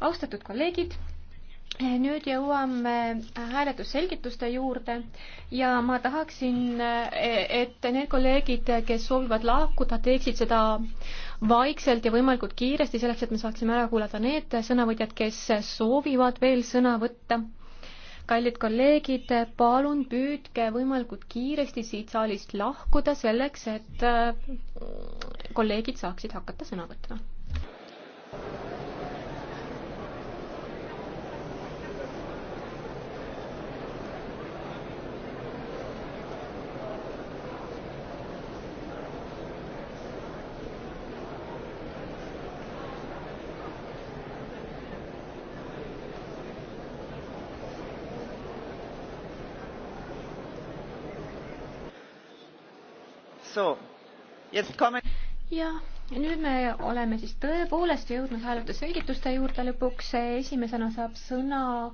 austatud kolleegid, eh, nüüd jõuame eh, hääletusselgituste juurde ja ma tahaksin, eh, et need kolleegid, kes soovivad lahkuda, teeksid seda vaikselt ja võimalikult kiiresti, selleks et me saaksime ära kuulata need sõnavõtjad, kes soovivad veel sõna võtta kallid kolleegid, palun püüdke võimalikult kiiresti siit saalist lahkuda selleks, et kolleegid saaksid hakata sõna võtma ja nüüd me oleme siis tõepoolest jõudnud hääletusselgituste juurde lõpuks. esimesena saab sõna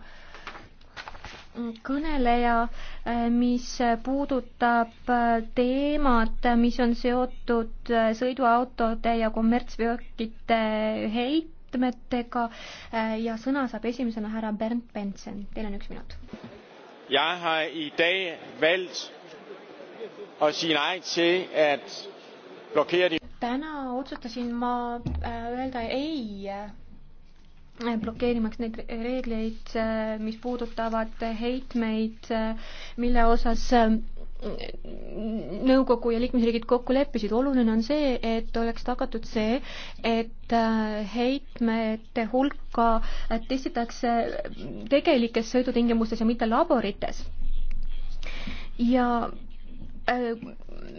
kõneleja, eh, mis puudutab eh, teemat, mis on seotud eh, sõiduautode ja kommertsveokite heitmetega ja sõna saab esimesena härra Bernd Benson, teil on üks minut. Jeg har i dag valgt at sige nej til at blokere de täna otsustasin ma äh, öelda ei äh, blokeerimaks neid reegleid, äh, mis puudutavad heitmeid, mille osas nõukogu ja liikmesriigid kokku leppisid. oluline on see, et oleks tagatud see, et heitmete hulka testitakse tegelikes sõidutingimustes ja mitte laborites. ja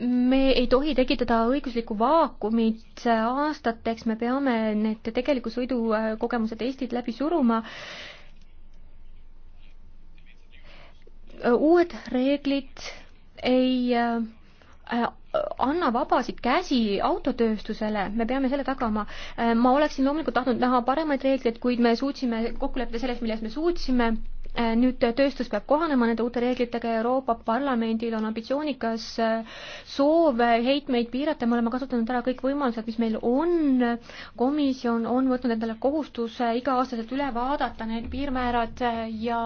me ei tohi tekitada õiguslikku vaakumit aastateks, me peame need tegeliku sõidu kogemuse testid läbi suruma. uued reeglid ei äh, anna vabasid käsi autotööstusele, me peame selle tagama. Äh, ma oleksin loomulikult tahtnud näha paremaid reegleid, kuid me suutsime kokku leppida selles, milles me suutsime Äh, nüüd äh, tööstus peab kohanema nende uute reeglitega ja Euroopa Parlamendil on ambitsioonikas äh, soov heitmeid piirata, me oleme kasutanud ära kõik võimalused, mis meil on. komisjon on võtnud endale kohustuse iga-aastaselt üle vaadata need piirmäärad ja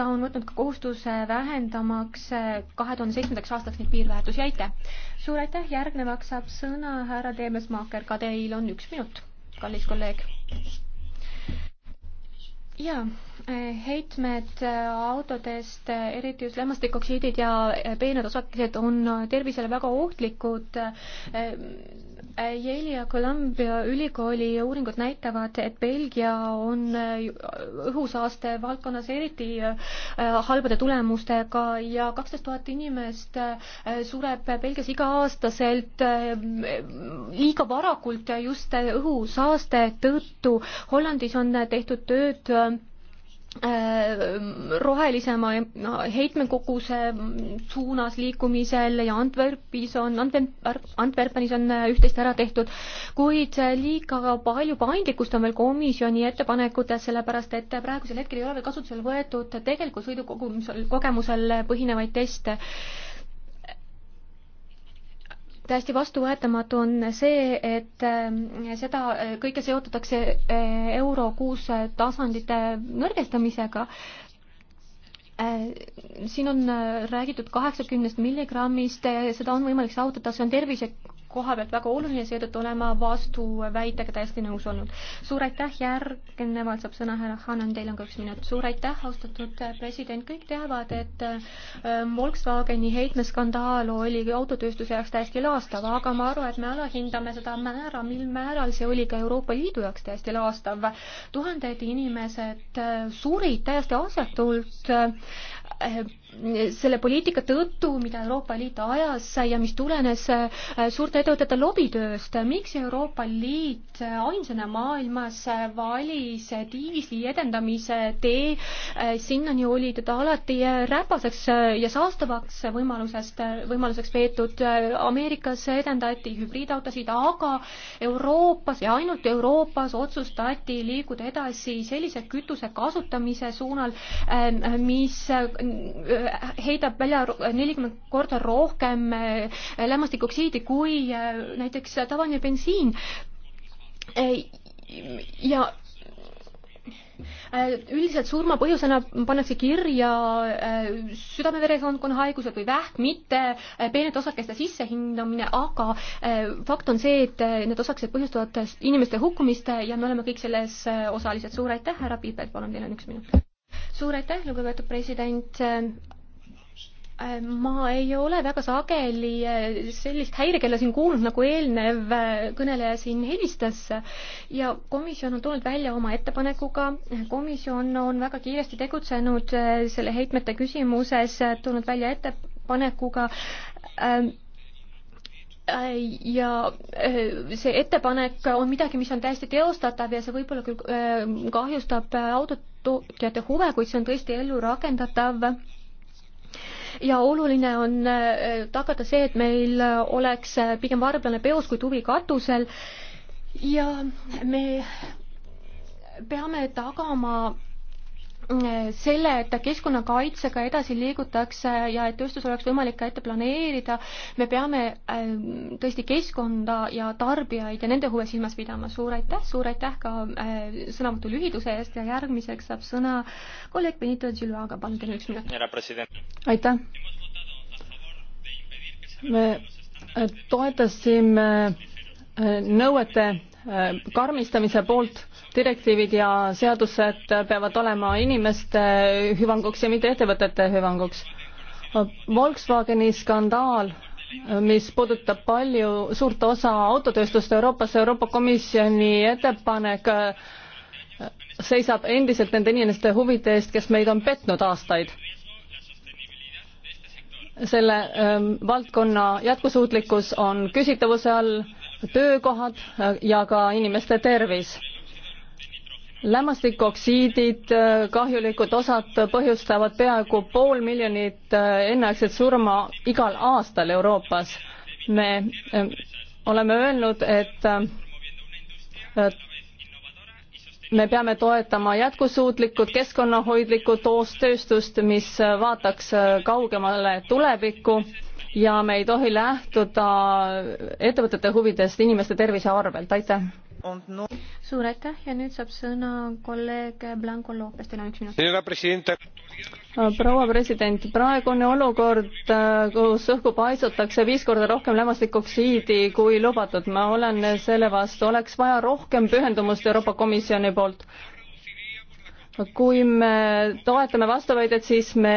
ta on võtnud ka kohustuse vähendamaks kahe tuhande seitsmendaks aastaks neid piirväärtusi, aitäh! suur aitäh, järgnevaks saab sõna härra Teemesmaaker, ka teil on üks minut, kallis kolleeg jaa, eh, heitmed eh, autodest, eh, eriti just lämmastikoksiidid ja peened osakesed on tervisele väga ohtlikud. Yale'i ja Columbia ülikooli uuringud näitavad, et Belgia on õhusaaste valdkonnas eriti halbade tulemustega ja kaksteist tuhat inimest sureb Belgias iga-aastaselt liiga varakult just õhusaaste tõttu. Hollandis on tehtud tööd Äh, rohelisema heitmekoguse suunas liikumisel ja Antwerpis on, Antwerpenis on äh, üht-teist ära tehtud, kuid äh, liiga palju paindlikkust on veel komisjoni ettepanekutes, sellepärast et praegusel hetkel ei ole veel kasutusele võetud tegelikult sõidukogumisel, kogemusel põhinevaid teste täiesti vastuvõetamatu on see, et äh, seda äh, kõike seotatakse äh, euro kuus tasandite nõrgestamisega. siin on räägitud kaheksakümnest milligrammist, seda on võimalik saavutada, see on tervise koha pealt väga oluline, seetõttu olen ma vastuväitega täiesti nõus olnud. suur aitäh, järgnevalt saab sõna härra Hanan, teil on ka üks minut. suur aitäh, austatud president, kõik teavad, et äh, Volkswageni heitmeskandaal oli autotööstuse jaoks täiesti laastav, aga ma arvan, et me alahindame seda määra, mil määral see oli ka Euroopa Liidu jaoks täiesti laastav. tuhanded inimesed äh, surid täiesti asetult äh, selle poliitika tõttu, mida Euroopa Liit ajas ja mis tulenes äh, suurte ettevõtete lobitööst. miks Euroopa Liit ainsana maailmas valis diisli edendamise tee? Äh, sinnani oli teda alati räpaseks ja saastavaks võimalusest, võimaluseks peetud. Ameerikas edendati hübriidautosid, aga Euroopas ja ainult Euroopas otsustati liikuda edasi sellise kütuse kasutamise suunal, äh, mis heidab välja nelikümmend korda rohkem äh, lämmastikoksiidi kui äh, näiteks tavaline bensiin. Äh, ja üldiselt surma põhjusena pannakse kirja südame-veresoonkonna haigused või vähk, mitte peened osakeste sissehindamine, aga fakt on see, et need osakesed põhjustavad inimeste hukkumist ja me oleme kõik selles osalised. suur aitäh, härra Piipel, palun, teil on üks minut. suur aitäh, lugupeetud president Äh, ma ei ole väga sageli äh, sellist häirekella siin kuulnud, nagu eelnev äh, kõneleja siin helistas ja komisjon on tulnud välja oma ettepanekuga. komisjon on väga kiiresti tegutsenud selle heitmete küsimuses, tulnud välja ettepanekuga ähm, ja see ettepanek on midagi, mis on täiesti teostatav ja see võib-olla küll kahjustab autotootjate huve, kuid see on tõesti ellu rakendatav ja oluline on äh, tagada see, et meil äh, oleks äh, pigem varblane peos kui tuvi katusel ja me peame tagama selle, et keskkonnakaitsega edasi liigutakse ja et tööstus oleks võimalik ka ette planeerida, me peame äh, tõesti keskkonda ja tarbijaid ja nende huve silmas pidama. suur aitäh, suur aitäh ka äh, sõnavõtu lühiduse eest ja järgmiseks saab sõna kolleeg Benito Silvaga, palun teile üks minut. aitäh. me äh, toetasime nõuete karmistamise poolt, direktiivid ja seadused peavad olema inimeste hüvanguks ja mitte ettevõtete hüvanguks. Volkswageni skandaal, mis puudutab palju, suurt osa autotööstust Euroopas, Euroopa Komisjoni ettepanek äh, seisab endiselt nende inimeste huvide eest, kes meid on petnud aastaid selle ähm, valdkonna jätkusuutlikkus on küsitavuse all töökohad ja ka inimeste tervis. lämmastikoksiidid, kahjulikud osad põhjustavad peaaegu pool miljonit enneaegset surma igal aastal Euroopas. me ähm, oleme öelnud, et äh, me peame toetama jätkusuutlikud keskkonnahoidlikud toostööstust, mis vaataks kaugemale tulevikku ja me ei tohi lähtuda ettevõtete huvidest inimeste tervise arvelt, aitäh. suur aitäh ja nüüd saab sõna kolleeg Blanco Lopez, teil on üks minut. proua president, praegune olukord, kus õhku paisutakse viis korda rohkem lämmastikoksiidi kui lubatud, ma olen selle vastu, oleks vaja rohkem pühendumust Euroopa Komisjoni poolt kui me toetame vastuväidet, siis me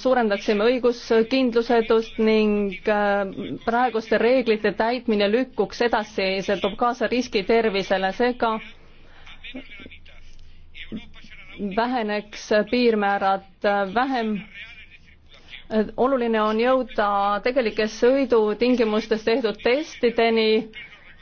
suurendaksime õiguskindlusetust ning äh, praeguste reeglite täitmine lükkuks edasi, see toob kaasa riski tervisele, seega väheneks piirmäärad äh, vähem. Äh, oluline on jõuda tegelikes sõidutingimustes tehtud testideni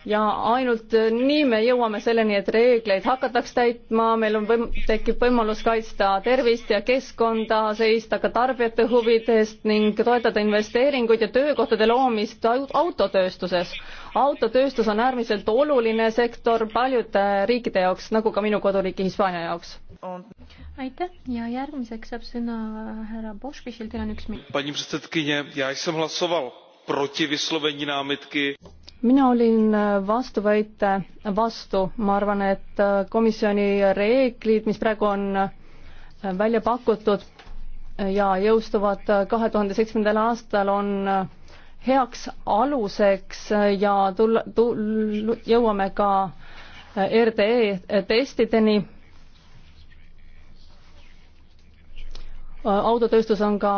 ja ainult nii me jõuame selleni, et reegleid hakataks täitma, meil on võim-, tekib võimalus kaitsta tervist ja keskkonda, seista ka tarbijate huvide eest ning toetada investeeringuid ja töökohtade loomist autotööstuses. autotööstus on äärmiselt oluline sektor paljude riikide jaoks, nagu ka minu koduriigi Hispaania jaoks. aitäh ja järgmiseks saab sõna härra Boškišil, teil on üks minut. paní předsedkyně, já jsem hlasoval proti vyslovení námitky mina olin äh, vastuväite vastu, ma arvan, et äh, komisjoni reeglid, mis praegu on äh, välja pakutud ja jõustuvad kahe tuhande seitsmendal aastal, on heaks aluseks ja tulla, tulla, jõuame ka RDE testideni autotööstus on ka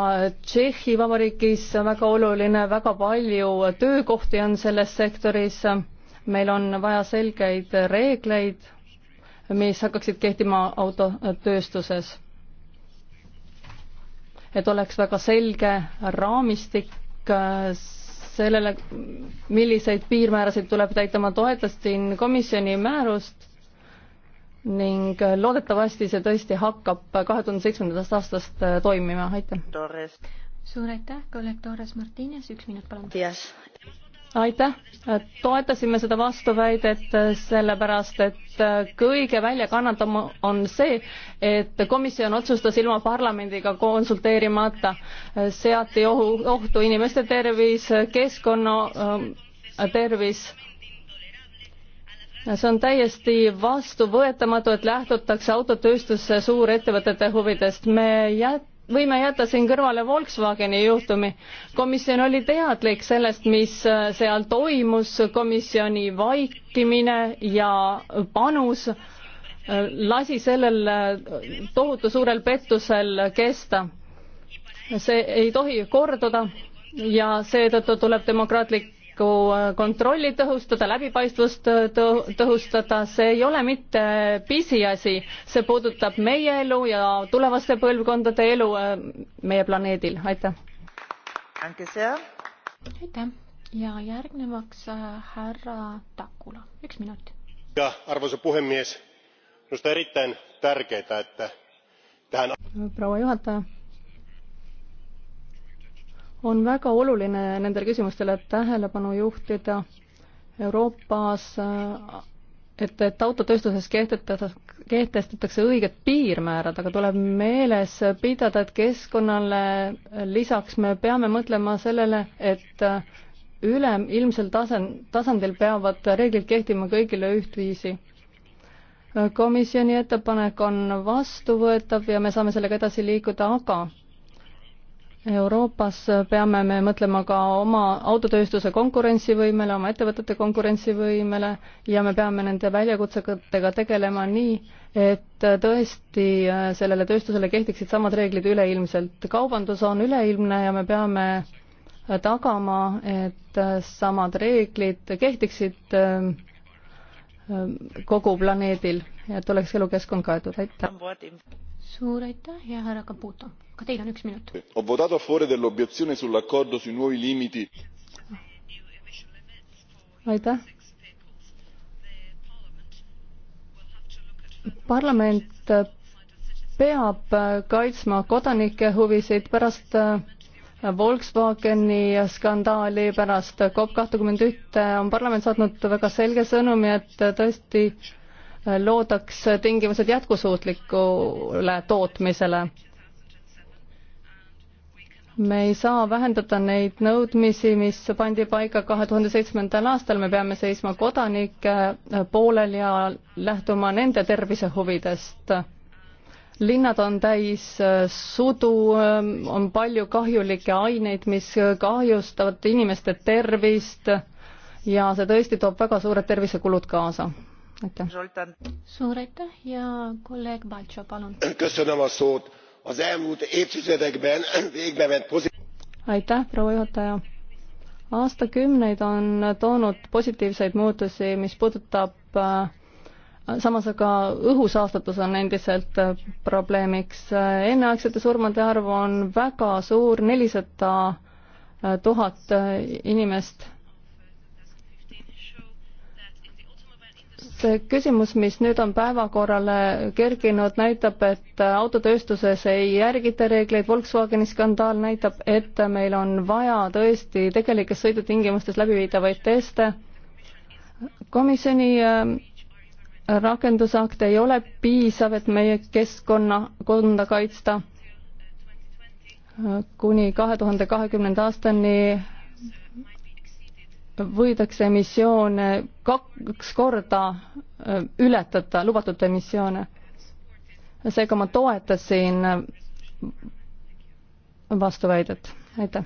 Tšehhi Vabariigis väga oluline, väga palju töökohti on selles sektoris. meil on vaja selgeid reegleid, mis hakkaksid kehtima autotööstuses. et oleks väga selge raamistik sellele, milliseid piirmäärasid tuleb täita, ma toetasin komisjoni määrust ning äh, loodetavasti see tõesti hakkab kahe tuhande seitsmendast aastast äh, toimima, aitäh. suur aitäh, kolleeg Torres Martines, üks minut palun yes.. aitäh, äh, toetasime seda vastuväidet sellepärast, et kõige väljakannatavam on see, et komisjon otsustas ilma parlamendiga konsulteerimata, seati ohu, ohtu inimeste tervis, keskkonna ähm, tervis see on täiesti vastuvõetamatu, et lähtutakse autotööstuse suurettevõtete huvidest. me jät-, võime jätta siin kõrvale Volkswageni juhtumi. komisjon oli teadlik sellest, mis seal toimus, komisjoni vaikimine ja panus lasi sellel tohutu suurel pettusel kesta. see ei tohi korduda ja seetõttu tuleb demokraatlik avaliku äh, kontrolli tõhustada, läbipaistvust äh, tõhustada, see ei ole mitte pisiasi, see puudutab meie elu ja tulevaste põlvkondade elu äh, meie planeedil, aitäh. aitäh ja järgnevaks härra Takula, üks minut. arvoisa puhemies, minusta erittäin tärkeää, et tähän. proua juhataja on väga oluline nendele küsimustele tähelepanu juhtida Euroopas, et, et autotööstuses kehtestatakse, kehtestatakse õiged piirmäärad, aga tuleb meeles pidada, et keskkonnale lisaks me peame mõtlema sellele, et ülem, ilmsel tasand, tasandil peavad reeglid kehtima kõigile ühtviisi. komisjoni ettepanek on vastuvõetav ja me saame sellega edasi liikuda, aga Euroopas peame me mõtlema ka oma autotööstuse konkurentsivõimele, oma ettevõtete konkurentsivõimele ja me peame nende väljakutsetega tegelema nii, et tõesti äh, sellele tööstusele kehtiksid samad reeglid üleilmselt. kaubandus on üleilmne ja me peame äh, tagama, et äh, samad reeglid kehtiksid kogu planeedil ja et oleks elukeskkond kaetud. aitäh! suur aitäh ja härra Caputo! ka teil on üks minut. ho votato a favore dell'obiezione sull'accordo sui nuovi limiti. aitäh. parlament peab kaitsma kodanike huvisid pärast äh, Volkswageni skandaali pärast COP kahtekümmend ühte on parlament saatnud väga selge sõnumi, et tõesti äh, loodaks tingimused jätkusuutlikule tootmisele me ei saa vähendada neid nõudmisi, mis pandi paika kahe tuhande seitsmendal aastal, me peame seisma kodanike poolel ja lähtuma nende tervise huvidest. linnad on täis sudu, on palju kahjulikke aineid, mis kahjustavad inimeste tervist ja see tõesti toob väga suured tervisekulud kaasa. aitäh. suur aitäh ja kolleeg Baltšo, palun. köszönöm a szót az elmúlt évtizedekben végbevett pozitv... aitäh, proua juhataja. aastakümneid on toonud positiivseid muutusi, mis puudutab äh, samas aga õhusaastatus on endiselt äh, probleemiks. Äh, enneaegsete surmade arv on väga suur, nelisada tuhat inimest see küsimus, mis nüüd on päevakorrale kerkinud, näitab, et autotööstuses ei järgita reegleid, Volkswageni skandaal näitab, et meil on vaja tõesti tegelikes sõidutingimustes läbiviidavaid teste. komisjoni äh, rakendusakt ei ole piisav, et meie keskkonnakonda kaitsta äh, kuni kahe tuhande kahekümnenda aastani võidakse emissioone kaks korda äh, ületada, lubatud emissioone. seega ma toetasin äh, vastuväidet, aitäh.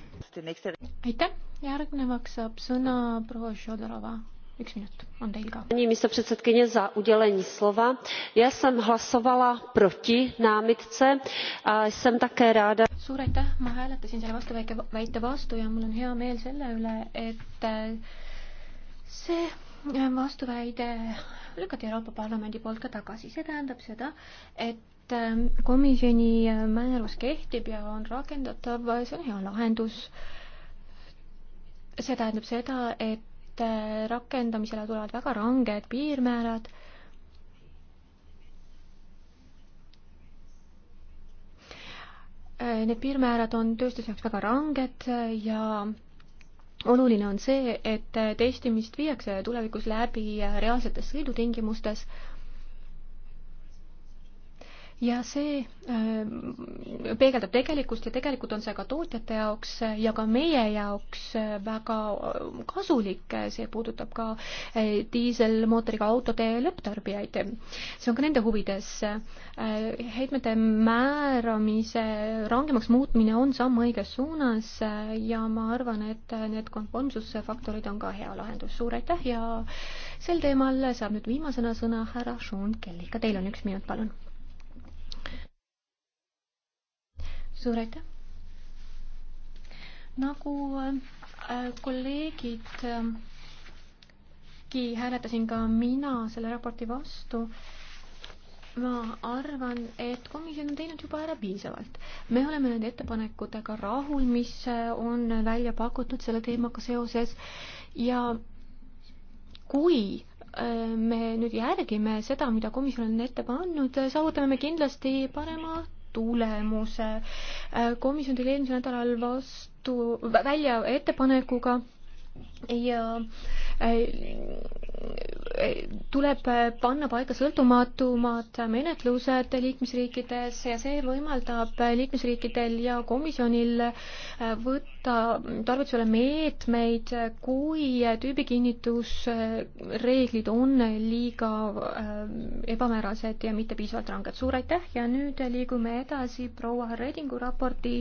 aitäh, järgnevaks saab sõna proua Šodorova üks minut on teil ka. paní místopředsedkyně za udělení slova. já jsem hlasovala proti námitce a jsem také ráda. suur aitäh, ma hääletasin selle vastuväite vastu ja mul on hea meel selle üle, et äh, see äh, vastuväide lükati Euroopa Parlamendi poolt ka tagasi, see tähendab seda, et ähm, komisjoni äh, määrus kehtib ja on rakendatav, see on hea lahendus. see tähendab seda, et et äh, rakendamisele tulevad väga ranged piirmäärad äh, need piirmäärad on tööstuse jaoks väga ranged äh, ja oluline on see, et testimist viiakse tulevikus läbi reaalsetes sõidutingimustes ja see äh, peegeldab tegelikkust ja tegelikult on see ka tootjate jaoks ja ka meie jaoks äh, väga äh, kasulik, see puudutab ka diiselmootoriga autode lõpptarbijaid. see on ka nende huvides. heitmete määramise rangemaks muutmine on samm õiges suunas ja ma arvan, et need konformsusfaktorid on ka hea lahendus. suur aitäh ja sel teemal saab nüüd viimasena sõna härra Sean Kelly, ka teil on üks minut, palun suur aitäh! nagu äh, kolleegid äh,, hääletasin ka mina selle raporti vastu ma arvan, et komisjon on teinud juba ära piisavalt. me oleme nende ettepanekutega rahul, mis äh, on välja pakutud selle teemaga seoses ja kui äh, me nüüd järgime seda, mida komisjon on ette pannud, saavutame me kindlasti parema tulemuse. komisjon tuli eelmisel nädalal vastu, välja ettepanekuga ja äh, tuleb panna paika sõltumatumad menetlused liikmesriikides ja see võimaldab liikmesriikidel ja komisjonil äh, võtta tarvitusele meetmeid, kui tüübikinnitusreeglid on liiga äh, ebamäärased ja mitte piisavalt ranged. suur aitäh ja nüüd liigume edasi proua Redingu raporti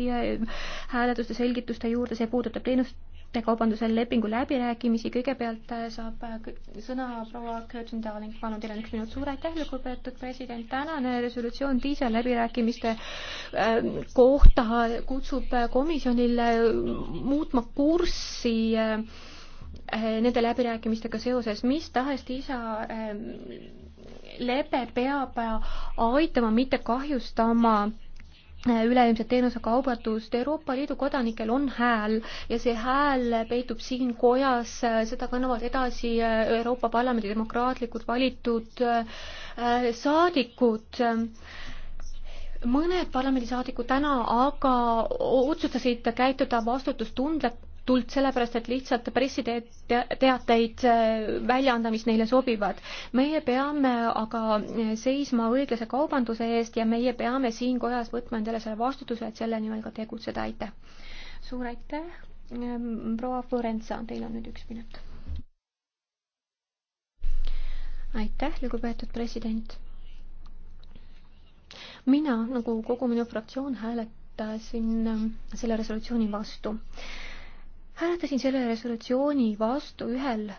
hääletuste selgituste juurde, see puudutab teenust heitekaubanduse lepingu läbirääkimisi, kõigepealt äh, saab äh, sõna proua Gertrude Darling, palun, teil on üks minut, suur aitäh, lugupeetud president, tänane resolutsioon diiselläbirääkimiste äh, kohta kutsub komisjonil muutma kurssi nende läbirääkimistega seoses, mis tahes diisa lepe peab aitama, mitte kahjustama üleilmset teenusekaubandust, Euroopa Liidu kodanikel on hääl ja see hääl peitub siin kojas, seda kannavad edasi Euroopa Parlamendi demokraatlikud valitud äh, saadikud mõned parlamendisaadikud täna aga otsustasid käituda vastutustundlikult tuld, sellepärast et lihtsalt pressiteateid äh, väljaandamist neile sobivad. meie peame aga äh, seisma õiglase kaubanduse eest ja meie peame siin kojas võtma endale selle vastutuse, et selle nimel ka tegutseda, aitäh. suur aitäh, ähm, proua Florenza, teil on nüüd üks minut. aitäh, lugupeetud president. mina, nagu kogu minu fraktsioon, hääletasin ähm, selle resolutsiooni vastu hääletasin selle resolutsiooni vastu ühel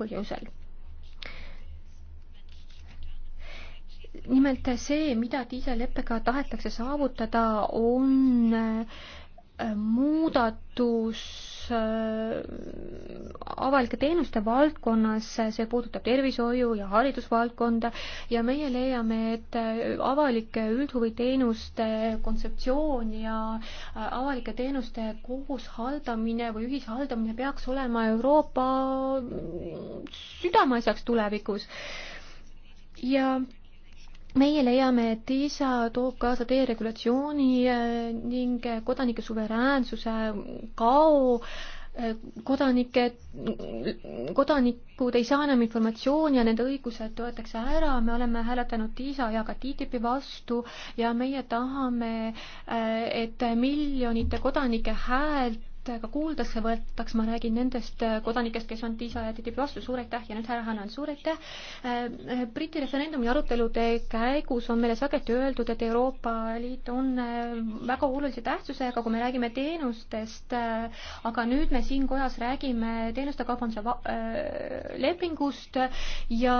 põhjusel. nimelt see, mida diiselleppega tahetakse saavutada, on äh, muudatus Äh, avalike teenuste valdkonnas, see puudutab tervishoiu ja haridusvaldkonda ja meie leiame, et äh, avalike üldhuviteenuste kontseptsioon ja äh, avalike teenuste kooshaldamine või ühishaldamine peaks olema Euroopa südameasjaks tulevikus ja meie leiame, et ISA toob kaasa deregulatsiooni eh, ning eh, kodanike suveräänsuse kao eh, kodanike, mm, kodanikud ei saa enam informatsiooni ja nende õigused võetakse ära, me oleme hääletanud TISA ja ka TTIP-i vastu ja meie tahame, et miljonite kodanike häält ka kuuldesse võetaks, ma räägin nendest kodanikest, kes on TISA ja TTIP vastu, suur aitäh ja nüüd härra Hannan, suur aitäh. Äh, Briti referendumi arutelude käigus on meile sageli öeldud, et Euroopa Liit on äh, väga olulise tähtsusega, kui me räägime teenustest, äh, aga nüüd me siin kojas räägime teenuste kaubanduse lepingust ja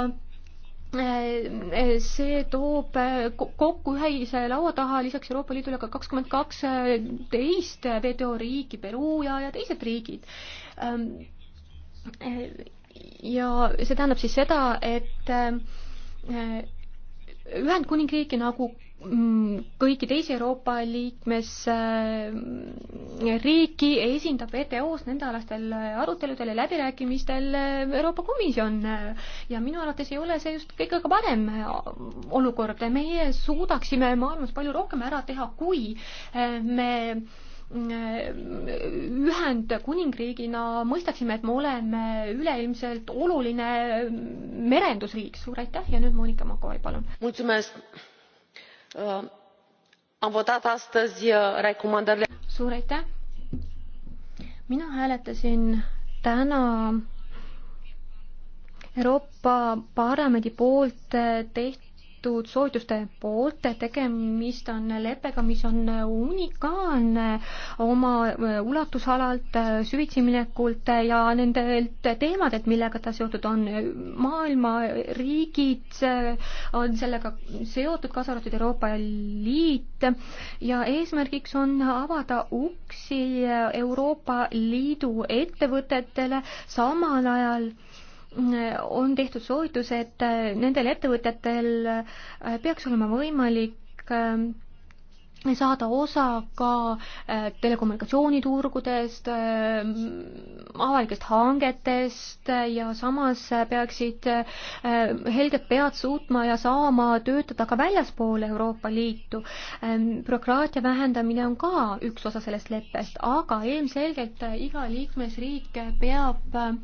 see toob äh, kokku ühise laua taha lisaks Euroopa Liidule ka kakskümmend kaks äh, teist WTO riiki, Peruu ja, ja teised riigid. Ähm, äh, ja see tähendab siis seda, et Ühendkuningriiki nagu Mm, kõiki teisi Euroopa liikmesriiki mm, esindab WTO-s nendealastel aruteludel ja läbirääkimistel Euroopa Komisjon ja minu arvates ei ole see just kõige parem olukord. meie suudaksime maailmas palju rohkem ära teha, kui eh, me mm, Ühendkuningriigina mõistaksime, et me oleme üleilmselt oluline merendusriik. suur aitäh ja nüüd Monika Makovai, palun am votat astăzi uh, recomandările. suur aitäh! mina hääletasin täna Euroopa Parlamendi poolt tehtud võetud soovituste poolt, tegemist on leppega, mis on unikaalne oma ulatusalalt, süvitsiminelikult ja nendelt teemadelt, millega ta seotud on. maailma riigid on sellega seotud, kaasa arvatud Euroopa Liit ja eesmärgiks on avada uksi Euroopa Liidu ettevõtetele samal ajal on tehtud soovitus, et nendel ettevõtjatel peaks olema võimalik äh, saada osa ka äh, telekommunikatsiooniturgudest, äh, avalikest hangetest ja samas peaksid helged pead suutma ja saama töötada ka väljaspool Euroopa Liitu. Ähm, bürokraatia vähendamine on ka üks osa sellest leppest, aga ilmselgelt iga liikmesriik peab äh,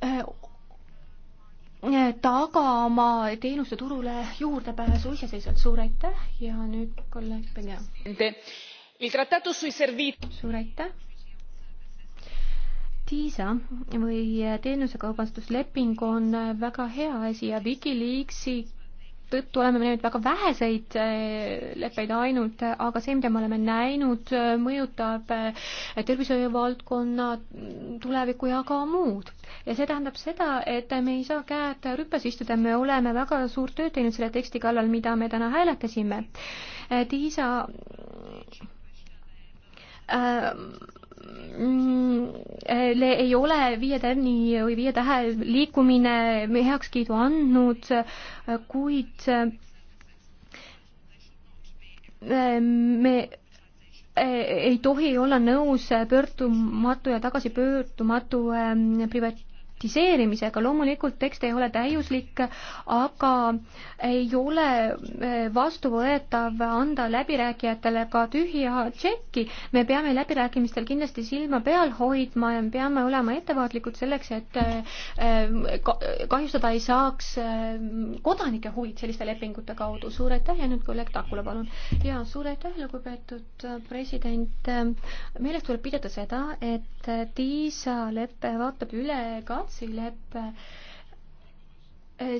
Äh, äh, tagama teenuste turule juurdepääsu iseseisvalt. suur aitäh ja nüüd kolleeg Pena. suur aitäh. TISA või teenusekaubandusleping on väga hea asi ja Wikileaksi tõttu oleme me näinud väga väheseid äh, leppeid ainult, aga see, mida me oleme näinud, äh, mõjutab äh, tervishoiuvaldkonna tulevikku ja ka muud. ja see tähendab seda, et me ei saa käed rüppes istuda, me oleme väga suurt tööd teinud selle teksti kallal, mida me täna hääletasime. Tiisa äh, Mm, eh, ei ole viie tärni või viie tähe liikumine heakskiidu andnud, kuid eh, me eh, ei tohi olla nõus pöördumatu ja tagasipöördumatu privat-, praktiseerimisega, loomulikult tekst ei ole täiuslik, aga ei ole e, vastuvõetav anda läbirääkijatele ka tühja tšekki. me peame läbirääkimistel kindlasti silma peal hoidma ja me peame olema ettevaatlikud selleks, et e, e, kahjustada ei saaks kodanike huvid selliste lepingute kaudu. suur aitäh ja nüüd kolleeg Takula, palun. ja suur aitäh, lugupeetud president. meeles tuleb pidada seda, et TISA lepe vaatab üle kats-, leppe.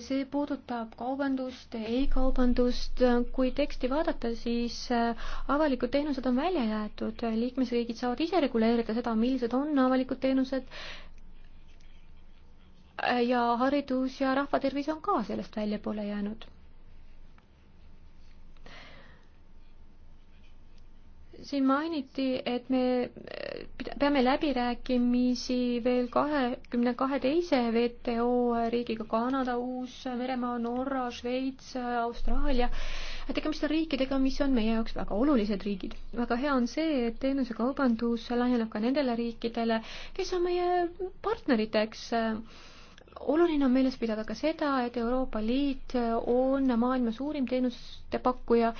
see puudutab kaubandust e, e-kaubandust. kui teksti vaadata, siis äh, avalikud teenused on välja jäetud, liikmesriigid saavad ise reguleerida seda, millised on avalikud teenused äh, ja haridus ja rahvatervis on ka sellest väljapoole jäänud siin mainiti, et me peame läbirääkimisi veel kahekümne kahe teise WTO riigiga, Kanada, Uus-Meremaa, Norra, Šveits, Austraalia. tegemist on riikidega, mis on meie jaoks väga olulised riigid. väga hea on see, et teenusekaubandus laieneb ka nendele riikidele, kes on meie partneriteks oluline on meeles pidada ka seda, et Euroopa Liit on maailma suurim teenuste pakkuja.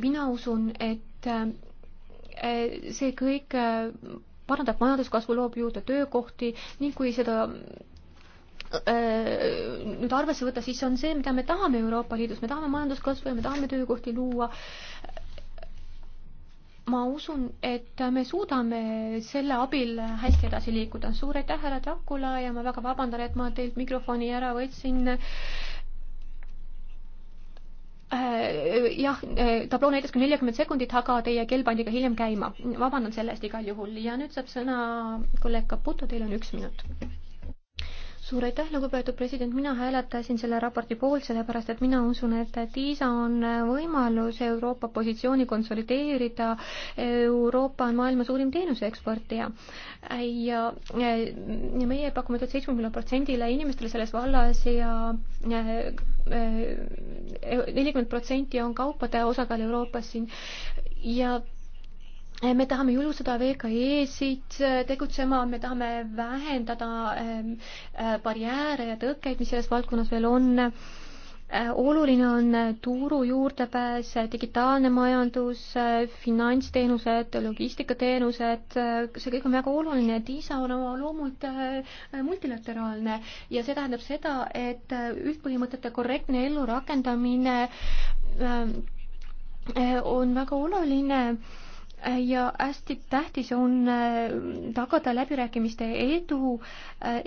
mina usun, et et äh, see kõik äh, parandab majanduskasvu, loob juurde töökohti ning kui seda äh, nüüd arvesse võtta, siis see on see, mida me tahame Euroopa Liidus, me tahame majanduskasvu ja me tahame töökohti luua. ma usun, et me suudame selle abil hästi edasi liikuda. suur aitäh, härra Takula ja ma väga vabandan, et ma teilt mikrofoni ära võtsin. Äh, jah, äh, tabloo näitas küll neljakümmet sekundit, aga teie kell pandi ka hiljem käima. vabandan selle eest igal juhul ja nüüd saab sõna kolleeg Caputo, teil on üks minut suur aitäh, lugupeetud president, mina hääletasin selle raporti poolt, sellepärast et mina usun, et TISA on võimalus Euroopa positsiooni konsolideerida. Euroopa on maailma suurim teenuse eksportija ja, ja meie pakume tööd seitsmekümne protsendile inimestele selles vallas ja nelikümmend protsenti on kaupade osakaal Euroopas siin ja me tahame julgustada VKE-sid äh, tegutsema, me tahame vähendada ähm, äh, barjääre ja tõkkeid, mis selles valdkonnas veel on. Äh, oluline on turu juurdepääs, digitaalne majandus, finantsteenused, logistikateenused, see kõik on väga oluline, et ISA on oma loomult multilateraalne ja see tähendab seda, et üldpõhimõtete korrektne ellurakendamine on väga oluline ja hästi tähtis on äh, tagada läbirääkimiste edu. Äh,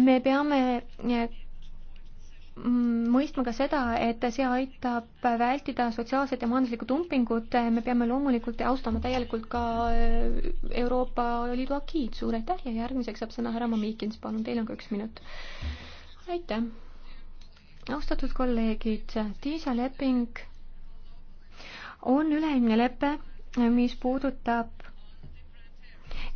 me peame äh, mm, mõistma ka seda, et see aitab vältida sotsiaalset ja majanduslikku dumpingut, me peame loomulikult austama täielikult ka Euroopa Liidu akiid, suur aitäh ja järgmiseks saab sõna härra Mamikins, palun, teil on ka üks minut. aitäh. austatud kolleegid, Tiisa leping on üleilmne lepe, mis puudutab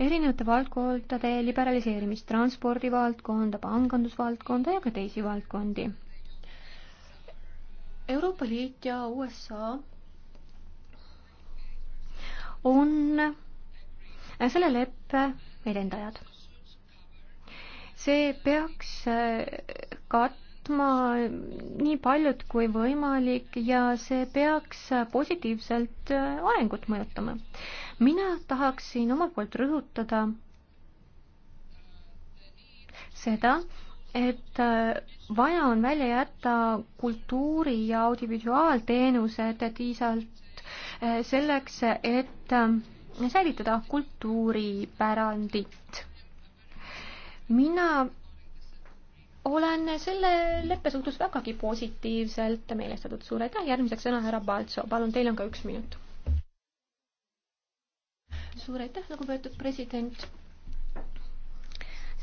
erinevate valdkondade liberaliseerimist, transpordivaldkonda, pangandusvaldkonda ja ka teisi valdkondi. Euroopa Liit ja USA on selle leppe edendajad. see peaks kat-, võtma nii paljud kui võimalik ja see peaks positiivselt äh, arengut mõjutama. mina tahaksin omalt poolt rõhutada seda, et äh, vaja on välja jätta kultuuri ja audiovisuaalteenused diisalt äh, selleks, et säilitada kultuuripärandit. mina olen selle leppe suhtes vägagi positiivselt meelestatud. suur aitäh, järgmiseks sõna härra Baltso, palun, teil on ka üks minut. suur aitäh, lugupeetud president.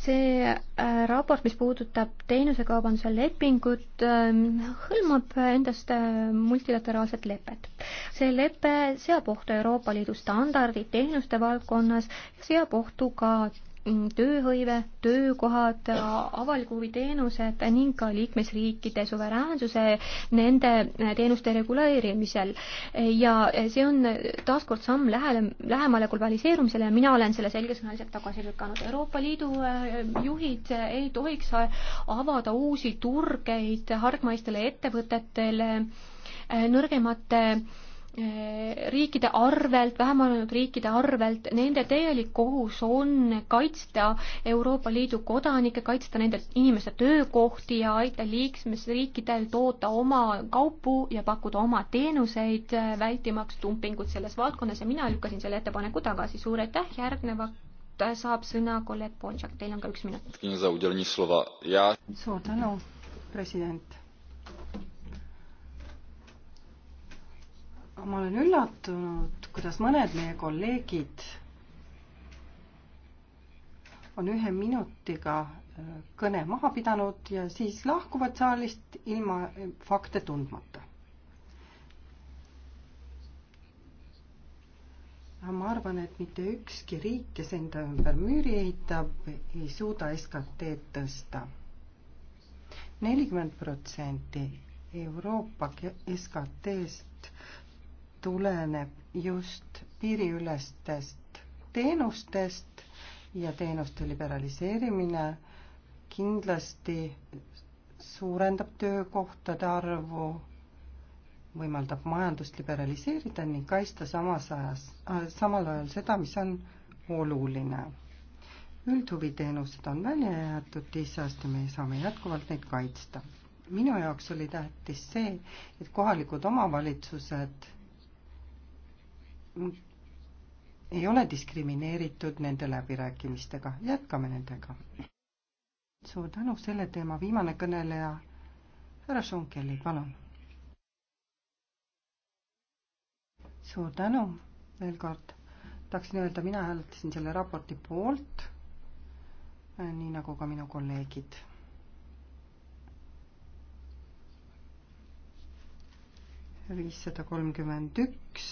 see äh, raport, mis puudutab teenusekaubanduse lepingut äh,, hõlmab endast äh, multilateraalset lepet. see lepe seab ohtu Euroopa Liidu standardid teenuste valdkonnas, seab ohtu ka Mm, tööhõive, töökohad, avaliku huvi teenused ning ka liikmesriikide suveräänsuse nende äh, teenuste reguleerimisel. ja see on taaskord samm lähele, lähemale globaliseerumisele ja mina olen selle selgesõnaliselt tagasi lükanud. Euroopa Liidu äh, juhid äh, ei tohiks avada uusi turgeid hargmaistele ettevõtetele, nõrgemate Eh, riikide arvelt, vähem arenenud riikide arvelt, nende täielik kohus on kaitsta Euroopa Liidu kodanikke, kaitsta nende inimeste töökohti ja aita liikmesriikidel toota oma kaupu ja pakkuda oma teenuseid, eh, vältimaks dumpingut selles valdkonnas ja mina lükkasin selle ettepaneku tagasi. suur aitäh, järgnevaks eh, saab sõna kolleeg Poltšak, teil on ka üks minut. suur tänu, president ma olen üllatunud, kuidas mõned meie kolleegid on ühe minutiga äh, kõne maha pidanud ja siis lahkuvad saalist ilma äh, fakte tundmata. ma arvan, et mitte ükski riik, kes enda ümber müüri ehitab, ei suuda SKT-d tõsta. nelikümmend protsenti Euroopa SKT-st tuleneb just piiriülestest teenustest ja teenuste liberaliseerimine kindlasti suurendab töökohtade arvu, võimaldab majandust liberaliseerida ning kaitsta samas ajas, äh, samal ajal seda, mis on oluline. üldhuviteenused on välja jäetud, teisest me saame jätkuvalt neid kaitsta. minu jaoks oli tähtis see, et kohalikud omavalitsused ei ole diskrimineeritud nende läbirääkimistega, jätkame nendega. suur tänu, selle teema viimane kõneleja, härra Sean Kelly, palun. suur tänu veel kord, tahaksin öelda, mina hääletasin selle raporti poolt, äh, nii nagu ka minu kolleegid viissada kolmkümmend üks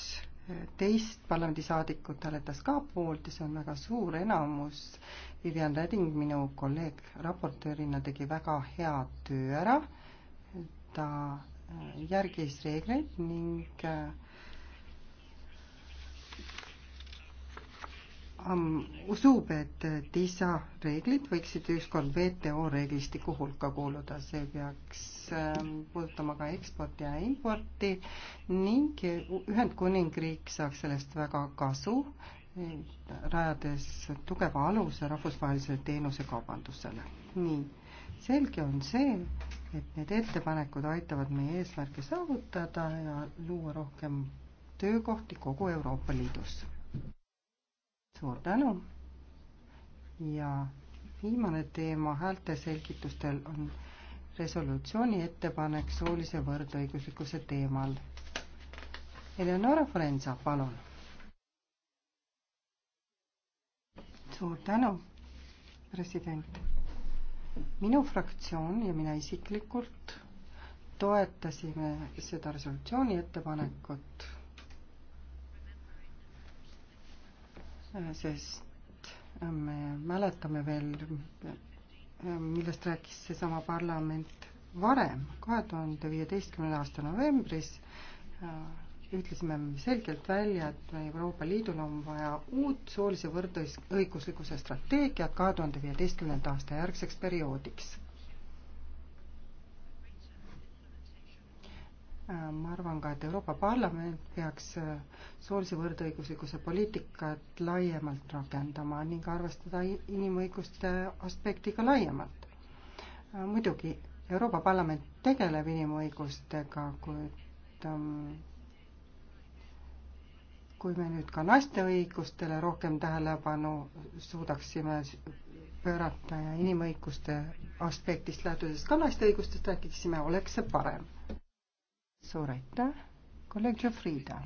teist parlamendisaadikut hääletas ka poolt ja see on väga suur enamus. Vivian Reding, minu kolleeg raportöörina, tegi väga hea töö ära. ta järgis reegleid ning äh, usub, et TISA reeglid võiksid ükskord WTO reeglistiku hulka kuuluda, see peaks ähm, puudutama ka eksporti ja importi ning Ühendkuningriik saaks sellest väga kasu, rajades tugeva aluse rahvusvahelisele teenusekaubandusele. nii, selge on see, et need ettepanekud aitavad meie eesmärke saavutada ja luua rohkem töökohti kogu Euroopa Liidus suur tänu. ja viimane teema häälte selgitustel on resolutsiooni ettepanek soolise võrdõiguslikkuse teemal. Eleonora Forenza, palun. suur tänu, president. minu fraktsioon ja mina isiklikult toetasime seda resolutsiooni ettepanekut sest äh, me mäletame veel, äh, millest rääkis seesama parlament varem, kahe tuhande viieteistkümnenda aasta novembris äh, ütlesime selgelt välja, et Euroopa Liidul on vaja uut soolise võrdõiguslikkuse strateegiat kahe tuhande viieteistkümnenda aasta järgseks perioodiks Äh, ma arvan ka, et Euroopa Parlament peaks äh, soolise võrdõiguslikkuse poliitikat laiemalt rakendama ning arvestada inimõiguste aspektiga laiemalt. Äh, muidugi, Euroopa Parlament tegeleb inimõigustega, kuid ähm, kui me nüüd ka naiste õigustele rohkem tähelepanu suudaksime pöörata ja inimõiguste aspektist lähtudes ka naiste õigustest räägiksime, oleks see parem suur aitäh, kolleeg Jufrida.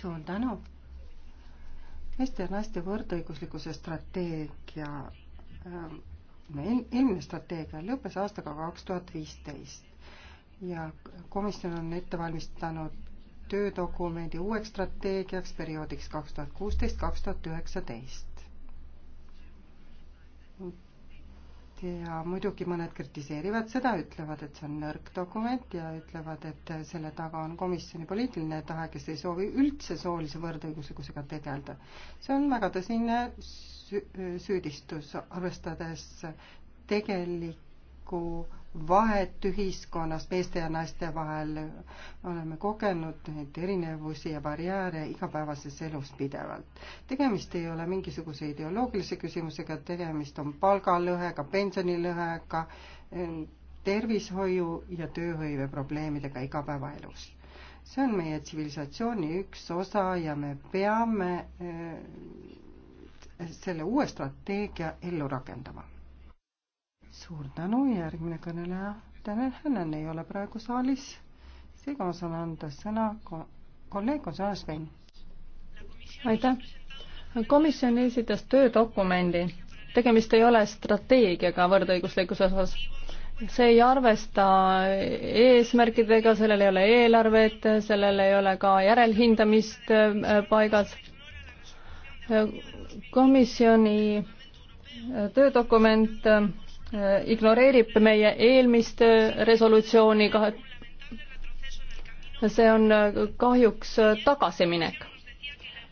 suur tänu. meeste ja naiste võrdõiguslikkuse strateegia ähm, eelmine strateegia lõppes aastaga kaks tuhat viisteist ja komisjon on ette valmistanud töödokumendi uueks strateegiaks perioodiks kaks tuhat kuusteist, kaks tuhat üheksateist ja muidugi mõned kritiseerivad seda, ütlevad, et see on nõrk dokument ja ütlevad, et selle taga on komisjoni poliitiline tahe, kes ei soovi üldse soolise võrdõiguslikkusega tegeleda. see on väga tõsine süüdistus, arvestades tegelik tuleviku vahet ühiskonnas meeste ja naiste vahel. me oleme kogenud neid erinevusi ja barjääre igapäevases elus pidevalt. tegemist ei ole mingisuguse ideoloogilise küsimusega, tegemist on palgalõhega, pensionilõhega, tervishoiu ja tööhõive probleemidega igapäevaelus. see on meie tsivilisatsiooni üks osa ja me peame eh, selle uue strateegia ellu rakendama suur tänu, järgmine kõneleja, Tanel Hännen ei ole praegu saalis. seega ma saan anda sõna kolleeg Osana Sven. aitäh. komisjon esitas töödokumendi. tegemist ei ole strateegiaga võrdõiguslikkuse osas see ei arvesta eesmärkidega, sellel ei ole eelarvet, sellel ei ole ka järelhindamist äh, paigas. Äh, komisjoni äh, töödokument ignoreerib meie eelmist äh, resolutsiooni, see on äh, kahjuks äh, tagasiminek.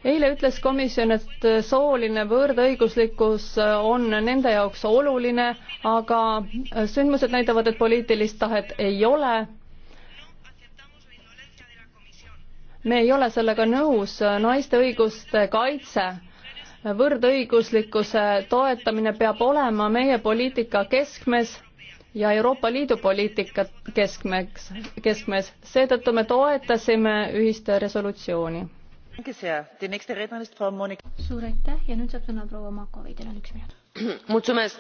eile ütles komisjon, et sooline võrdõiguslikkus on nende jaoks oluline, aga sündmused näitavad, et poliitilist tahet ei ole. me ei ole sellega nõus, naiste õiguste kaitse võrdõiguslikkuse toetamine peab olema meie poliitika keskmes ja Euroopa Liidu poliitika keskmeks, keskmes. seetõttu me toetasime ühist resolutsiooni. suur aitäh ja nüüd saab sõna proua Makovi, teil on üks minut.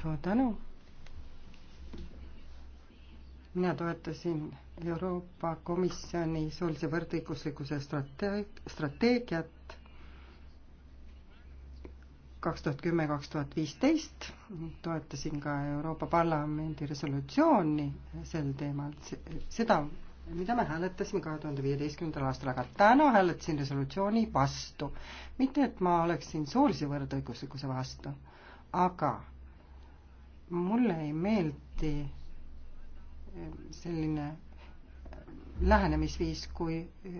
suur tänu. mina toetasin Euroopa Komisjoni soolise võrdõiguslikkuse strateegiat kaks tuhat kümme, kaks tuhat viisteist toetasin ka Euroopa Parlamendi resolutsiooni sel teemal, seda, mida me hääletasime kahe tuhande viieteistkümnendal aastal, aga täna hääletasin resolutsiooni vastu. mitte, et ma oleksin soolise võrdõiguslikkuse vastu, aga mulle ei meeldi eh, selline lähenemisviis, kui eh,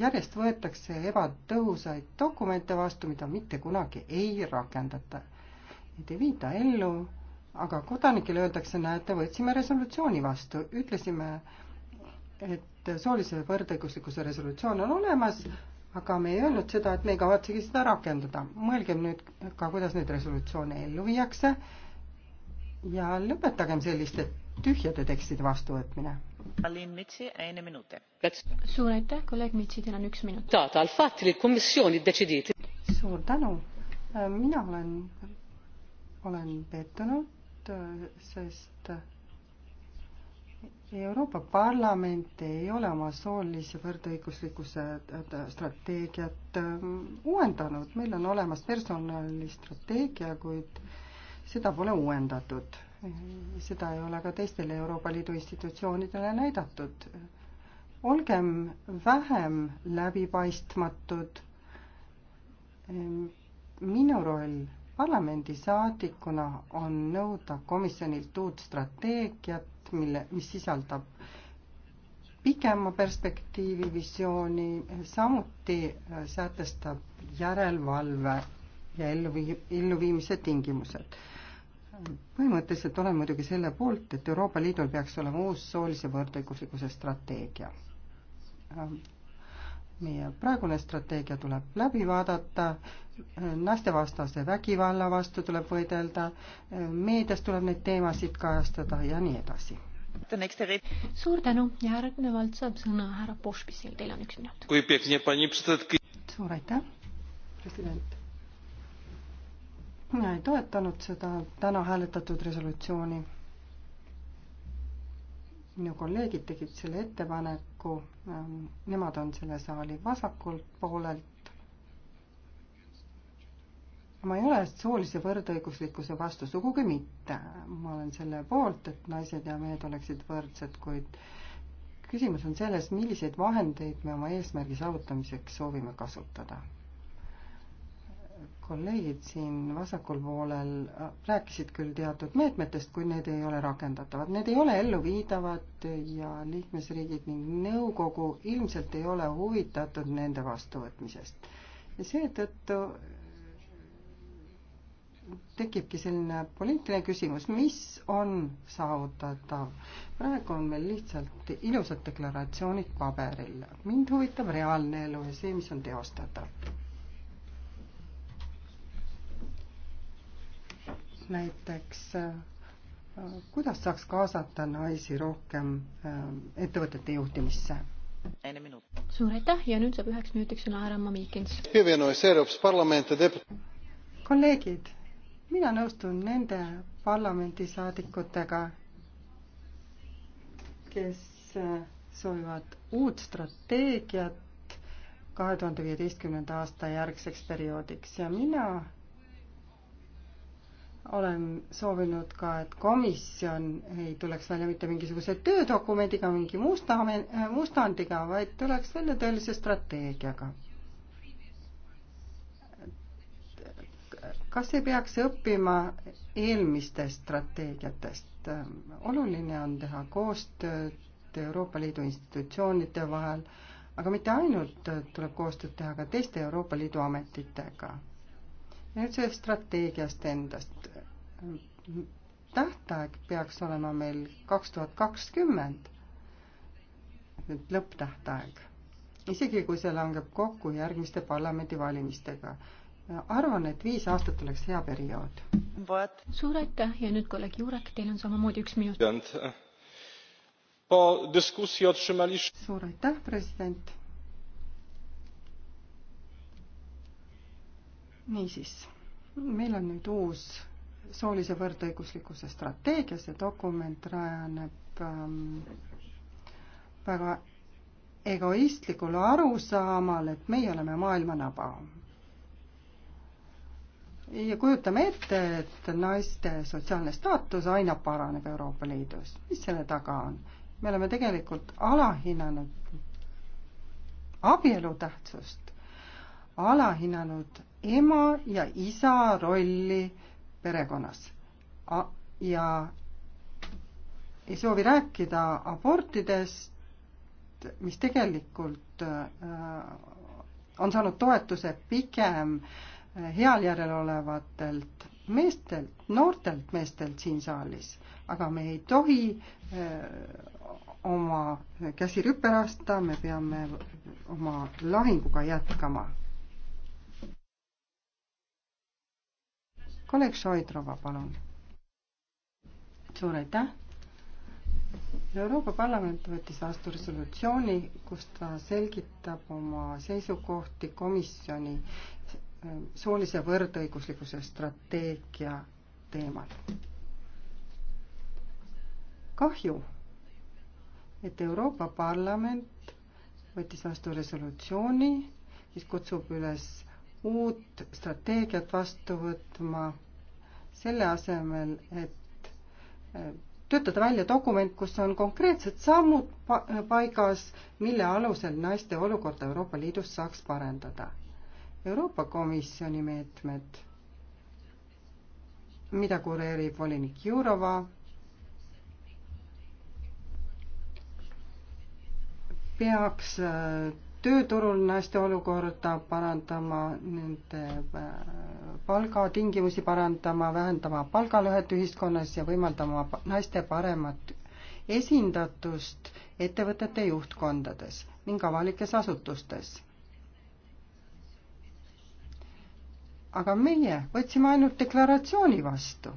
järjest võetakse ebatõhusaid dokumente vastu, mida mitte kunagi ei rakendata. Need ei viida ellu, aga kodanikele öeldakse, näete, võtsime resolutsiooni vastu, ütlesime, et soolise võrdõiguslikkuse resolutsioon on olemas, aga me ei öelnud seda, et me ei kavatsegi seda rakendada. mõelgem nüüd ka, kuidas neid resolutsioone ellu viiakse ja lõpetagem selliste tühjade tekstide vastuvõtmine suur aitäh, kolleeg Mitsi, teil on üks minut. suur tänu. mina olen, olen pettunud, sest Euroopa Parlament ei ole oma soolise võrdõiguslikkuse strateegiat uuendanud. meil on olemas personalistrateegia, kuid seda pole uuendatud seda ei ole ka teistele Euroopa Liidu institutsioonidele näidatud. olgem vähem läbipaistmatud. minu roll parlamendisaadikuna on nõuda komisjonilt uut strateegiat, mille, mis sisaldab pikema perspektiivi visiooni, samuti äh, sätestab järelevalve ja ellu, elluviimise tingimused põhimõtteliselt olen muidugi selle poolt, et Euroopa Liidul peaks olema uus soolise võrdõiguslikkuse strateegia. meie praegune strateegia tuleb läbi vaadata, naistevastase vägivalla vastu tuleb võidelda, meedias tuleb neid teemasid kajastada ja nii edasi. suur tänu, järgnevalt saab sõna härra Pošpisil, teil on üks minut. suur aitäh, president mina ei toetanud seda täna hääletatud resolutsiooni. minu kolleegid tegid selle ettepaneku, ähm, nemad on selle saali vasakult poolelt. ma ei ole soolise võrdõiguslikkuse vastu sugugi mitte, ma olen selle poolt, et naised ja mehed oleksid võrdsed, kuid küsimus on selles, milliseid vahendeid me oma eesmärgi saavutamiseks soovime kasutada kolleegid siin vasakul poolel äh, rääkisid küll teatud meetmetest, kuid need ei ole rakendatavad, need ei ole elluviidavad ja liikmesriigid ning nõukogu ilmselt ei ole huvitatud nende vastuvõtmisest. ja seetõttu tekibki selline poliitiline küsimus, mis on saavutatav. praegu on meil lihtsalt ilusad deklaratsioonid paberil. mind huvitab reaalne elu ja see, mis on teostatav näiteks äh, kuidas saaks kaasata naisi rohkem äh, ettevõtete juhtimisse? suur aitäh ja nüüd saab üheks minutiks sõna härra Mamikins. kolleegid, mina nõustun nende parlamendisaadikutega, kes äh, soovivad uut strateegiat kahe tuhande viieteistkümnenda aasta järgseks perioodiks ja mina olen soovinud ka, et komisjon ei tuleks välja mitte mingisuguse töödokumendiga, mingi musta, äh, mustandiga, vaid tuleks välja tõelise strateegiaga. kas ei peaks õppima eelmistest strateegiatest? oluline on teha koostööd Euroopa Liidu institutsioonide vahel, aga mitte ainult, tuleb koostööd teha ka teiste Euroopa Liidu ametitega nüüd sellest strateegiast endast tähtaeg peaks olema meil kaks tuhat kakskümmend, nüüd lõpptähtaeg, isegi kui see langeb kokku järgmiste parlamendivalimistega. arvan, et viis aastat oleks hea periood. suur aitäh ja nüüd kolleeg Jurek, teil on samamoodi üks minut. suur aitäh, president. niisiis, meil on nüüd uus soolise võrdõiguslikkuse strateegia, see dokument rajaneb ähm, väga egoistlikul arusaamal, et meie oleme maailma naba. ja kujutame ette, et naiste sotsiaalne staatus aina paraneb Euroopa Liidus. mis selle taga on? me oleme tegelikult alahinnanud abielu tähtsust, alahinnanud ema ja isa rolli perekonnas. ja ei soovi rääkida abortidest, mis tegelikult äh, on saanud toetuse pigem äh, heal järjel olevatelt meestelt, noortelt meestelt siin saalis, aga me ei tohi äh, oma käsi rüperasta, me peame oma lahinguga jätkama kolleeg Šoidrova, palun. suur aitäh. Euroopa Parlament võttis vastu resolutsiooni, kus ta selgitab oma seisukohti komisjoni soolise võrdõiguslikkuse strateegia teemal. kahju, et Euroopa Parlament võttis vastu resolutsiooni, mis kutsub üles uut strateegiat vastu võtma, selle asemel, et eh, töötada välja dokument, kus on konkreetsed sammud paigas, mille alusel naiste olukorda Euroopa Liidus saaks parendada. Euroopa Komisjoni meetmed, mida kureerib volinik Jurova, peaks eh, tööturul naiste olukorda parandama, nende äh, palgatingimusi parandama, vähendama palgalõhet ühiskonnas ja võimaldama naiste paremat esindatust ettevõtete juhtkondades ning avalikes asutustes. aga meie võtsime ainult deklaratsiooni vastu.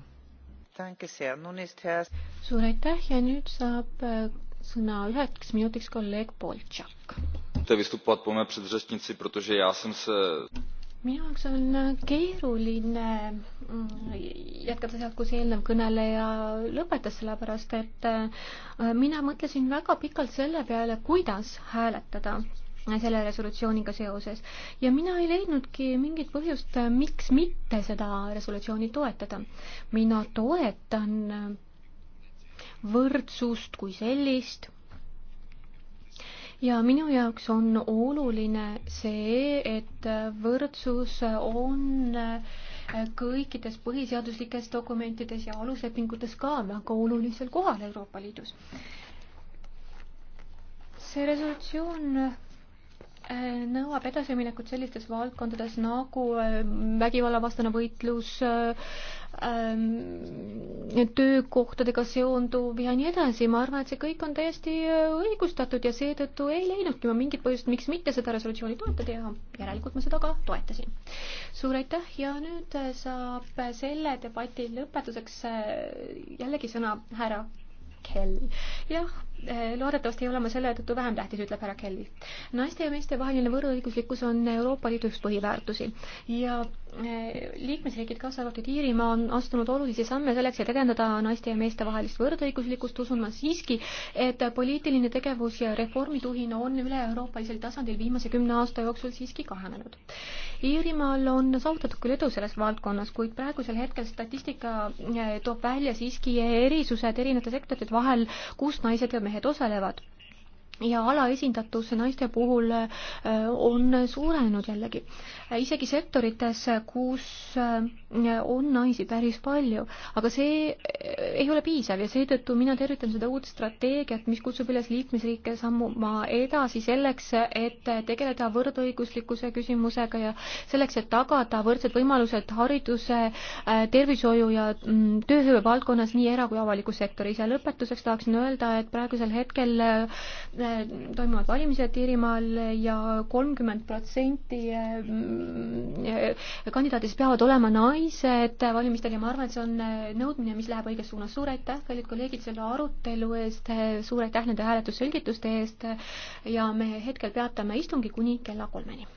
suur aitäh ja nüüd saab äh, sõna üheks minutiks kolleeg Boltšak důležité vystupovat po mé předřečnici, protože já jsem se minu jaoks on keeruline mm, jätkata sealt, kus eelnev kõneleja lõpetas, sellepärast et äh, mina mõtlesin väga pikalt selle peale, kuidas hääletada selle resolutsiooniga seoses ja mina ei leidnudki mingit põhjust, äh, miks mitte seda resolutsiooni toetada. mina toetan äh, võrdsust kui sellist ja minu jaoks on oluline see, et võrdsus on kõikides põhiseaduslikes dokumentides ja aluslepingutes ka väga olulisel kohal Euroopa Liidus. see resolutsioon äh, nõuab edasiminekut sellistes valdkondades nagu äh, vägivallavastane võitlus, äh, Ähm, töökohtadega seonduv ja nii edasi, ma arvan, et see kõik on täiesti õigustatud ja seetõttu ei leidnudki ma mingit põhjust, miks mitte seda resolutsiooni toetada ja järelikult ma seda ka toetasin. suur aitäh ja nüüd äh, saab selle debati lõpetuseks äh, jällegi sõna härra Kelly. jah Eh, loodetavasti ei ole ma selle tõttu vähem tähtis, ütleb härra Kelly. naiste ja meeste vaheline võrdõiguslikkus on Euroopa Liidu üks põhiväärtusi ja eh, liikmesriigid, kaasa arvatud Iirimaa, on astunud olulisi samme selleks, et edendada naiste ja meeste vahelist võrdõiguslikkust, usun ma siiski, et poliitiline tegevus ja reformituhin on üle-euroopalisel tasandil viimase kümne aasta jooksul siiski kahanenud. Iirimaal on saavutatud küll edu selles valdkonnas, kuid praegusel hetkel statistika eh, toob välja siiski erisused erinevate sektorite vahel, kus naised ja mehed osalevad ja alaesindatus naiste puhul äh, on suurenenud jällegi, isegi sektorites, kus äh, on naisi päris palju, aga see äh, ei ole piisav ja seetõttu mina tervitan seda uut strateegiat, mis kutsub üles liikmesriike sammuma edasi selleks, et tegeleda võrdõiguslikkuse küsimusega ja selleks, et tagada võrdsed võimalused hariduse, tervishoiu ja mm, tööhõive valdkonnas nii era- kui avalikus sektoris ja lõpetuseks tahaksin öelda, et praegusel hetkel toimuvad valimised Iirimaal ja kolmkümmend protsenti mm, kandidaatidest peavad olema naised valimistel ja ma arvan, et see on nõudmine, mis läheb õiges suunas. suur aitäh, kallid kolleegid, selle arutelu eest, suur aitäh nende hääletusselgituste eest ja me hetkel peatame istungi kuni kella kolmeni.